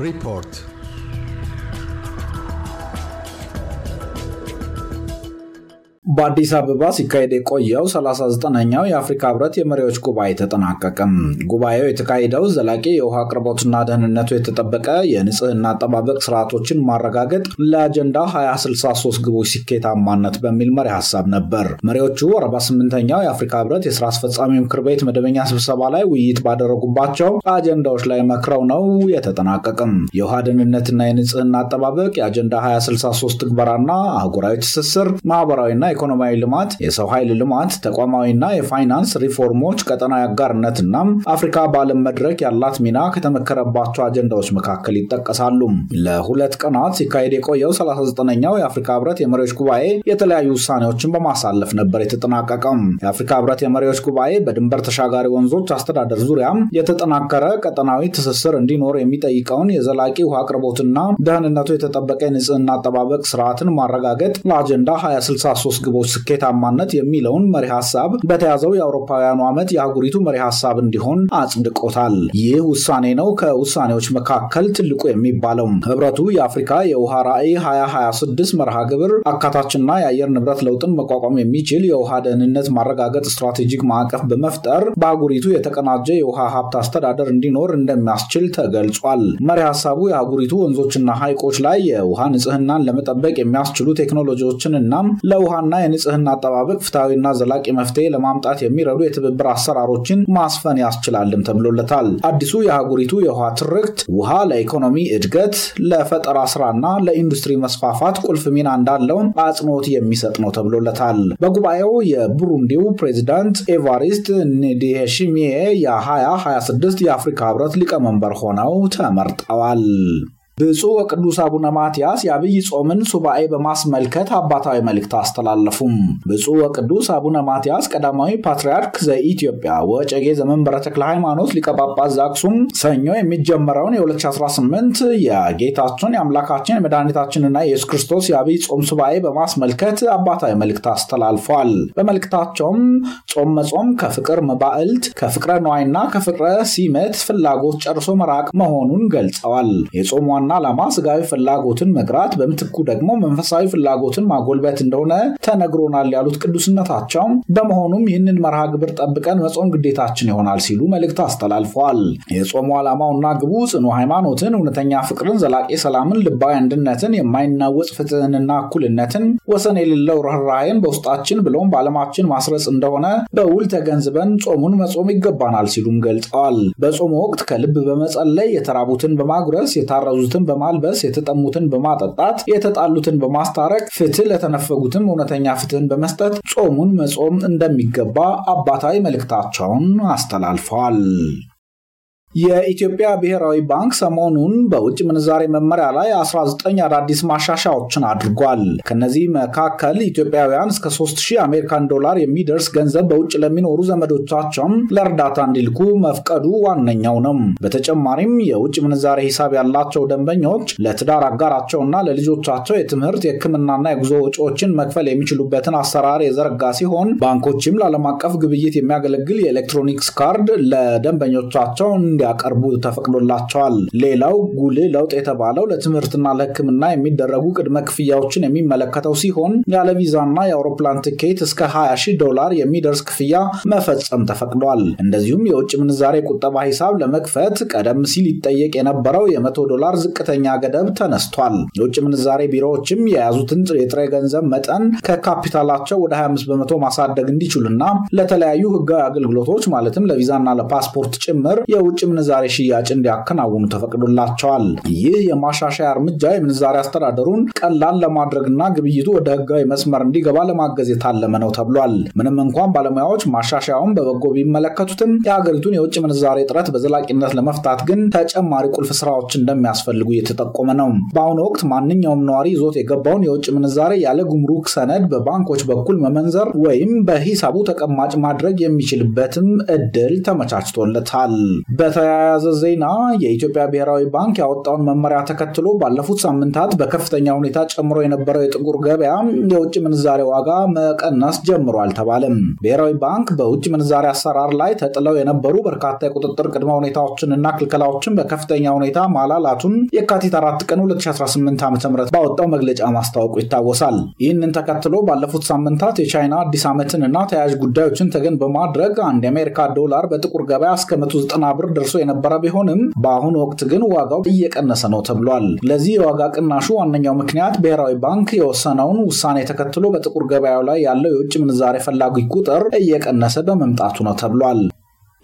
Report በአዲስ አበባ ሲካሄድ የቆየው 39ኛው የአፍሪካ ህብረት የመሪዎች ጉባኤ ተጠናቀቀም። ጉባኤው የተካሄደው ዘላቂ የውሃ አቅርቦትና ደህንነቱ የተጠበቀ የንጽህና አጠባበቅ ስርዓቶችን ማረጋገጥ ለአጀንዳ 2063 ግቦች ስኬታማነት በሚል መሪ ሀሳብ ነበር። መሪዎቹ 48ኛው የአፍሪካ ህብረት የስራ አስፈጻሚ ምክር ቤት መደበኛ ስብሰባ ላይ ውይይት ባደረጉባቸው አጀንዳዎች ላይ መክረው ነው የተጠናቀቅም። የውሃ ደህንነትና የንጽህና አጠባበቅ፣ የአጀንዳ 2063 ትግበራና አህጉራዊ ትስስር፣ ማህበራዊና የኢኮኖሚያዊ ልማት፣ የሰው ኃይል ልማት፣ ተቋማዊና የፋይናንስ ሪፎርሞች፣ ቀጠናዊ አጋርነት እናም አፍሪካ በዓለም መድረክ ያላት ሚና ከተመከረባቸው አጀንዳዎች መካከል ይጠቀሳሉ። ለሁለት ቀናት ሲካሄድ የቆየው 39ኛው የአፍሪካ ህብረት የመሪዎች ጉባኤ የተለያዩ ውሳኔዎችን በማሳለፍ ነበር የተጠናቀቀው። የአፍሪካ ህብረት የመሪዎች ጉባኤ በድንበር ተሻጋሪ ወንዞች አስተዳደር ዙሪያ የተጠናከረ ቀጠናዊ ትስስር እንዲኖር የሚጠይቀውን የዘላቂ ውሃ አቅርቦትና ደህንነቱ የተጠበቀ የንጽህና አጠባበቅ ስርዓትን ማረጋገጥ ለአጀንዳ 263 ግቦች ስኬታማነት የሚለውን መሪ ሀሳብ በተያዘው የአውሮፓውያኑ ዓመት የአህጉሪቱ መሪ ሀሳብ እንዲሆን አጽድቆታል። ይህ ውሳኔ ነው ከውሳኔዎች መካከል ትልቁ የሚባለው። ህብረቱ የአፍሪካ የውሃ ራዕይ 2026 መርሃ ግብር አካታችና የአየር ንብረት ለውጥን መቋቋም የሚችል የውሃ ደህንነት ማረጋገጥ ስትራቴጂክ ማዕቀፍ በመፍጠር በአህጉሪቱ የተቀናጀ የውሃ ሀብት አስተዳደር እንዲኖር እንደሚያስችል ተገልጿል። መሪ ሀሳቡ የአህጉሪቱ ወንዞችና ሐይቆች ላይ የውሃ ንጽህናን ለመጠበቅ የሚያስችሉ ቴክኖሎጂዎችን እናም ለውሃ የጤናና የንጽህና አጠባበቅ ፍትሐዊና ዘላቂ መፍትሄ ለማምጣት የሚረዱ የትብብር አሰራሮችን ማስፈን ያስችላልም ተብሎለታል። አዲሱ የአህጉሪቱ የውሃ ትርክት ውሃ ለኢኮኖሚ እድገት፣ ለፈጠራ ስራና ለኢንዱስትሪ መስፋፋት ቁልፍ ሚና እንዳለውን አጽንኦት የሚሰጥ ነው ተብሎለታል። በጉባኤው የቡሩንዲው ፕሬዚዳንት ኤቫሪስት ኒዲሄሽሚዬ የ2026 የአፍሪካ ህብረት ሊቀመንበር ሆነው ተመርጠዋል። ብፁዕ ወቅዱስ አቡነ ማትያስ የአብይ ጾምን ሱባኤ በማስመልከት አባታዊ መልእክት አስተላለፉም። ብፁዕ ወቅዱስ አቡነ ማትያስ ቀዳማዊ ፓትርያርክ ዘኢትዮጵያ ወጨጌ ዘመንበረ ተክለ ሃይማኖት ሊቀ ጳጳስ ዘአክሱም ሰኞ የሚጀመረውን የ2018 የጌታችን የአምላካችን የመድኃኒታችንና የኢየሱስ ክርስቶስ የአብይ ጾም ሱባኤ በማስመልከት አባታዊ መልእክት አስተላልፏል። በመልእክታቸውም ጾም መጾም ከፍቅር መባዕልት ከፍቅረ ነዋይና ከፍቅረ ሲመት ፍላጎት ጨርሶ መራቅ መሆኑን ገልጸዋል። የጾም ዋና ዋና ዓላማ ስጋዊ ፍላጎትን መግራት፣ በምትኩ ደግሞ መንፈሳዊ ፍላጎትን ማጎልበት እንደሆነ ተነግሮናል ያሉት ቅዱስነታቸው፣ በመሆኑም ይህንን መርሃ ግብር ጠብቀን መጾም ግዴታችን ይሆናል ሲሉ መልእክት አስተላልፈዋል። የጾሙ ዓላማውና ግቡ ጽኑ ሃይማኖትን፣ እውነተኛ ፍቅርን፣ ዘላቂ ሰላምን፣ ልባዊ አንድነትን፣ የማይናወጽ ፍትህንና እኩልነትን፣ ወሰን የሌለው ርኅራይን በውስጣችን ብሎም በዓለማችን ማስረጽ እንደሆነ በውል ተገንዝበን ጾሙን መጾም ይገባናል ሲሉም ገልጸዋል። በጾሙ ወቅት ከልብ በመጸለይ የተራቡትን በማጉረስ የታረዙትን የተራቡትን በማልበስ የተጠሙትን በማጠጣት የተጣሉትን በማስታረቅ ፍትህ ለተነፈጉትም እውነተኛ ፍትህን በመስጠት ጾሙን መጾም እንደሚገባ አባታዊ መልእክታቸውን አስተላልፈዋል። የኢትዮጵያ ብሔራዊ ባንክ ሰሞኑን በውጭ ምንዛሬ መመሪያ ላይ 19 አዳዲስ ማሻሻያዎችን አድርጓል። ከነዚህ መካከል ኢትዮጵያውያን እስከ 3000 አሜሪካን ዶላር የሚደርስ ገንዘብ በውጭ ለሚኖሩ ዘመዶቻቸውም ለእርዳታ እንዲልኩ መፍቀዱ ዋነኛው ነው። በተጨማሪም የውጭ ምንዛሬ ሂሳብ ያላቸው ደንበኞች ለትዳር አጋራቸውና ለልጆቻቸው የትምህርት፣ የሕክምናና የጉዞ ወጪዎችን መክፈል የሚችሉበትን አሰራር የዘረጋ ሲሆን ባንኮችም ለዓለም አቀፍ ግብይት የሚያገለግል የኤሌክትሮኒክስ ካርድ ለደንበኞቻቸው እንዲያቀርቡ ተፈቅዶላቸዋል። ሌላው ጉልህ ለውጥ የተባለው ለትምህርትና ለሕክምና የሚደረጉ ቅድመ ክፍያዎችን የሚመለከተው ሲሆን ያለ ቪዛና የአውሮፕላን ትኬት እስከ 20 ሺህ ዶላር የሚደርስ ክፍያ መፈጸም ተፈቅዷል። እንደዚሁም የውጭ ምንዛሬ ቁጠባ ሂሳብ ለመክፈት ቀደም ሲል ይጠየቅ የነበረው የ100 ዶላር ዝቅተኛ ገደብ ተነስቷል። የውጭ ምንዛሬ ቢሮዎችም የያዙትን የጥሬ ገንዘብ መጠን ከካፒታላቸው ወደ 25 በመቶ ማሳደግ እንዲችሉና ለተለያዩ ህጋዊ አገልግሎቶች ማለትም ለቪዛና ለፓስፖርት ጭምር የውጭ የምንዛሬ ሽያጭ እንዲያከናውኑ ተፈቅዶላቸዋል። ይህ የማሻሻያ እርምጃ የምንዛሬ አስተዳደሩን ቀላል ለማድረግና ግብይቱ ወደ ህጋዊ መስመር እንዲገባ ለማገዝ የታለመ ነው ተብሏል። ምንም እንኳን ባለሙያዎች ማሻሻያውን በበጎ ቢመለከቱትም የሀገሪቱን የውጭ ምንዛሬ እጥረት በዘላቂነት ለመፍታት ግን ተጨማሪ ቁልፍ ስራዎች እንደሚያስፈልጉ እየተጠቆመ ነው። በአሁኑ ወቅት ማንኛውም ነዋሪ ይዞት የገባውን የውጭ ምንዛሬ ያለ ጉምሩክ ሰነድ በባንኮች በኩል መመንዘር ወይም በሂሳቡ ተቀማጭ ማድረግ የሚችልበትም እድል ተመቻችቶለታል። በተያያዘ ዜና የኢትዮጵያ ብሔራዊ ባንክ ያወጣውን መመሪያ ተከትሎ ባለፉት ሳምንታት በከፍተኛ ሁኔታ ጨምሮ የነበረው የጥቁር ገበያ የውጭ ምንዛሬ ዋጋ መቀነስ ጀምሮ አልተባለም። ብሔራዊ ባንክ በውጭ ምንዛሬ አሰራር ላይ ተጥለው የነበሩ በርካታ የቁጥጥር ቅድመ ሁኔታዎችን እና ክልከላዎችን በከፍተኛ ሁኔታ ማላላቱን የካቲት አራት ቀን 2018 ዓ ም ባወጣው መግለጫ ማስታወቁ ይታወሳል። ይህንን ተከትሎ ባለፉት ሳምንታት የቻይና አዲስ ዓመትን እና ተያያዥ ጉዳዮችን ተገን በማድረግ አንድ የአሜሪካ ዶላር በጥቁር ገበያ እስከ 190 ብር ደርሶ ቀንሶ የነበረ ቢሆንም በአሁኑ ወቅት ግን ዋጋው እየቀነሰ ነው ተብሏል። ለዚህ የዋጋ ቅናሹ ዋነኛው ምክንያት ብሔራዊ ባንክ የወሰነውን ውሳኔ ተከትሎ በጥቁር ገበያው ላይ ያለው የውጭ ምንዛሬ ፈላጊ ቁጥር እየቀነሰ በመምጣቱ ነው ተብሏል።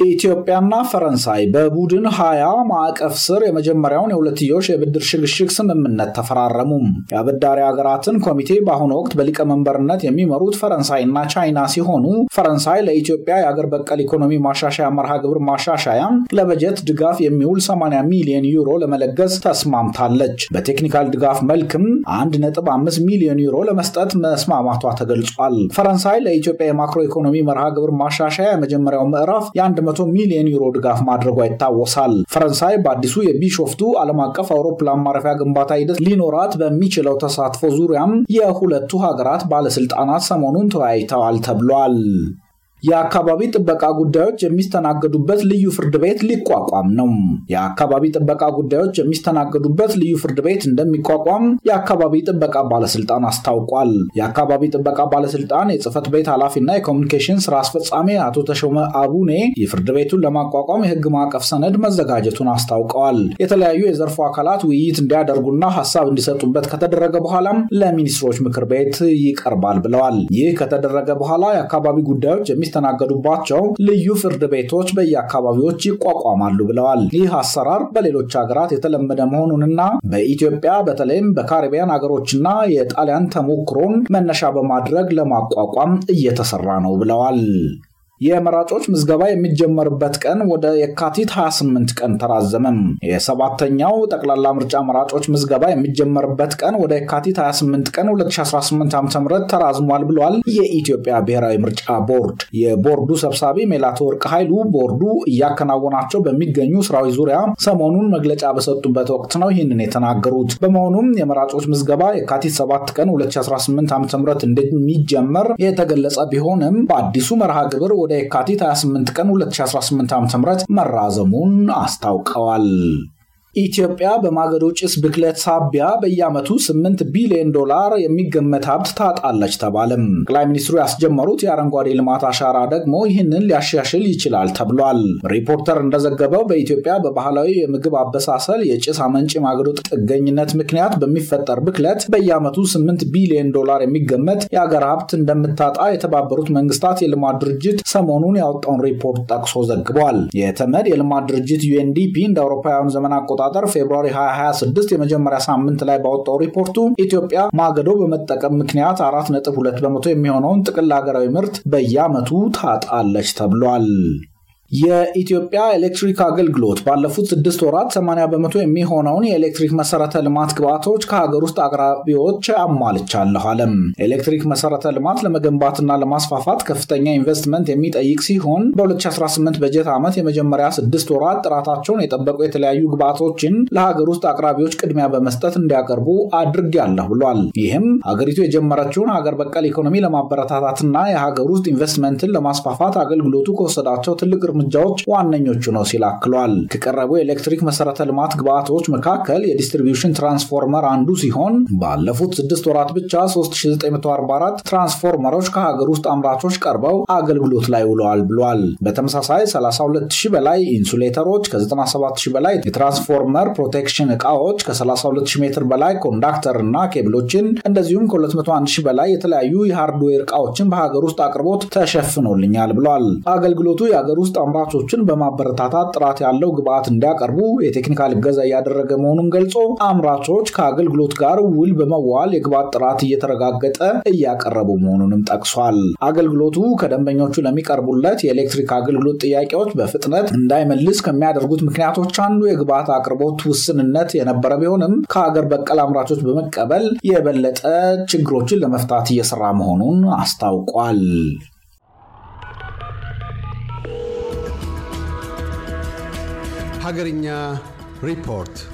ኢትዮጵያና ፈረንሳይ በቡድን ሀያ ማዕቀፍ ስር የመጀመሪያውን የሁለትዮሽ የብድር ሽግሽግ ስምምነት ተፈራረሙ። የአበዳሪ ሀገራትን ኮሚቴ በአሁኑ ወቅት በሊቀመንበርነት የሚመሩት ፈረንሳይና ቻይና ሲሆኑ ፈረንሳይ ለኢትዮጵያ የአገር በቀል ኢኮኖሚ ማሻሻያ መርሃ ግብር ማሻሻያ ለበጀት ድጋፍ የሚውል 80 ሚሊዮን ዩሮ ለመለገስ ተስማምታለች። በቴክኒካል ድጋፍ መልክም 1.5 ሚሊዮን ዩሮ ለመስጠት መስማማቷ ተገልጿል። ፈረንሳይ ለኢትዮጵያ የማክሮ ኢኮኖሚ መርሃ ግብር ማሻሻያ የመጀመሪያው ምዕራፍ 100 ሚሊዮን ዩሮ ድጋፍ ማድረጓ ይታወሳል። ፈረንሳይ በአዲሱ የቢሾፍቱ ዓለም አቀፍ አውሮፕላን ማረፊያ ግንባታ ሂደት ሊኖራት በሚችለው ተሳትፎ ዙሪያም የሁለቱ ሀገራት ባለስልጣናት ሰሞኑን ተወያይተዋል ተብሏል። የአካባቢ ጥበቃ ጉዳዮች የሚስተናገዱበት ልዩ ፍርድ ቤት ሊቋቋም ነው። የአካባቢ ጥበቃ ጉዳዮች የሚስተናገዱበት ልዩ ፍርድ ቤት እንደሚቋቋም የአካባቢ ጥበቃ ባለስልጣን አስታውቋል። የአካባቢ ጥበቃ ባለስልጣን የጽህፈት ቤት ኃላፊና የኮሚኒኬሽን ስራ አስፈጻሚ አቶ ተሾመ አቡኔ የፍርድ ቤቱን ለማቋቋም የህግ ማዕቀፍ ሰነድ መዘጋጀቱን አስታውቀዋል። የተለያዩ የዘርፉ አካላት ውይይት እንዲያደርጉና ሀሳብ እንዲሰጡበት ከተደረገ በኋላም ለሚኒስትሮች ምክር ቤት ይቀርባል ብለዋል። ይህ ከተደረገ በኋላ የአካባቢ ጉዳዮች የሚስተናገዱባቸው ልዩ ፍርድ ቤቶች በየአካባቢዎች ይቋቋማሉ ብለዋል። ይህ አሰራር በሌሎች ሀገራት የተለመደ መሆኑንና በኢትዮጵያ በተለይም በካሪቢያን ሀገሮችና የጣሊያን ተሞክሮን መነሻ በማድረግ ለማቋቋም እየተሰራ ነው ብለዋል። የመራጮች ምዝገባ የሚጀመርበት ቀን ወደ የካቲት 28 ቀን ተራዘመም። የሰባተኛው ጠቅላላ ምርጫ መራጮች ምዝገባ የሚጀመርበት ቀን ወደ የካቲት 28 ቀን 2018 ዓ.ም ተራዝሟል ብሏል የኢትዮጵያ ብሔራዊ ምርጫ ቦርድ። የቦርዱ ሰብሳቢ ሜላትወርቅ ኃይሉ ቦርዱ እያከናወናቸው በሚገኙ ስራዎች ዙሪያ ሰሞኑን መግለጫ በሰጡበት ወቅት ነው ይህንን የተናገሩት። በመሆኑም የመራጮች ምዝገባ የካቲት 7 ቀን 2018 ዓ.ም እንደሚጀመር የተገለጸ ቢሆንም በአዲሱ መርሃ ግብር ወደ የካቲት 28 ቀን 2018 ዓ.ም መራዘሙን አስታውቀዋል። ኢትዮጵያ በማገዶ ጭስ ብክለት ሳቢያ በየዓመቱ 8 ቢሊዮን ዶላር የሚገመት ሀብት ታጣለች ተባለም። ጠቅላይ ሚኒስትሩ ያስጀመሩት የአረንጓዴ ልማት አሻራ ደግሞ ይህንን ሊያሻሽል ይችላል ተብሏል። ሪፖርተር እንደዘገበው በኢትዮጵያ በባህላዊ የምግብ አበሳሰል የጭስ አመንጭ ማገዶ ጥገኝነት ምክንያት በሚፈጠር ብክለት በየዓመቱ 8 ቢሊዮን ዶላር የሚገመት የአገር ሀብት እንደምታጣ የተባበሩት መንግስታት የልማት ድርጅት ሰሞኑን ያወጣውን ሪፖርት ጠቅሶ ዘግቧል። የተመድ የልማት ድርጅት ዩኤንዲፒ እንደ አውሮፓውያኑ ዘመን አቆጣ አቆጣጠር ፌብሯሪ 2026 የመጀመሪያ ሳምንት ላይ ባወጣው ሪፖርቱ ኢትዮጵያ ማገዶ በመጠቀም ምክንያት 4.2 በመቶ የሚሆነውን ጥቅል ሀገራዊ ምርት በየዓመቱ ታጣለች ተብሏል። የኢትዮጵያ ኤሌክትሪክ አገልግሎት ባለፉት ስድስት ወራት 80 በመቶ የሚሆነውን የኤሌክትሪክ መሰረተ ልማት ግብዓቶች ከሀገር ውስጥ አቅራቢዎች አሟልቻለሁ አለም። ኤሌክትሪክ መሰረተ ልማት ለመገንባትና ለማስፋፋት ከፍተኛ ኢንቨስትመንት የሚጠይቅ ሲሆን በ2018 በጀት ዓመት የመጀመሪያ ስድስት ወራት ጥራታቸውን የጠበቁ የተለያዩ ግብዓቶችን ለሀገር ውስጥ አቅራቢዎች ቅድሚያ በመስጠት እንዲያቀርቡ አድርጌያለሁ ብሏል። ይህም ሀገሪቱ የጀመረችውን ሀገር በቀል ኢኮኖሚ ለማበረታታትና የሀገር ውስጥ ኢንቨስትመንትን ለማስፋፋት አገልግሎቱ ከወሰዳቸው ትልቅ እርምጃዎች ዋነኞቹ ነው ሲል አክሏል። ከቀረቡ የኤሌክትሪክ መሰረተ ልማት ግብዓቶች መካከል የዲስትሪቢዩሽን ትራንስፎርመር አንዱ ሲሆን ባለፉት ስድስት ወራት ብቻ 3944 ትራንስፎርመሮች ከሀገር ውስጥ አምራቾች ቀርበው አገልግሎት ላይ ውለዋል ብሏል። በተመሳሳይ 32000 በላይ ኢንሱሌተሮች፣ ከ97000 በላይ የትራንስፎርመር ፕሮቴክሽን ዕቃዎች፣ ከ32000 ሜትር በላይ ኮንዳክተር እና ኬብሎችን እንደዚሁም ከ201000 በላይ የተለያዩ የሃርድዌር እቃዎችን በሀገር ውስጥ አቅርቦት ተሸፍኖልኛል ብሏል። አገልግሎቱ የሀገር ውስጥ አምራቾችን በማበረታታት ጥራት ያለው ግብዓት እንዲያቀርቡ የቴክኒካል እገዛ እያደረገ መሆኑን ገልጾ አምራቾች ከአገልግሎት ጋር ውል በመዋል የግብዓት ጥራት እየተረጋገጠ እያቀረቡ መሆኑንም ጠቅሷል። አገልግሎቱ ከደንበኞቹ ለሚቀርቡለት የኤሌክትሪክ አገልግሎት ጥያቄዎች በፍጥነት እንዳይመልስ ከሚያደርጉት ምክንያቶች አንዱ የግብዓት አቅርቦት ውስንነት የነበረ ቢሆንም ከሀገር በቀል አምራቾች በመቀበል የበለጠ ችግሮችን ለመፍታት እየሰራ መሆኑን አስታውቋል። Hagernya Report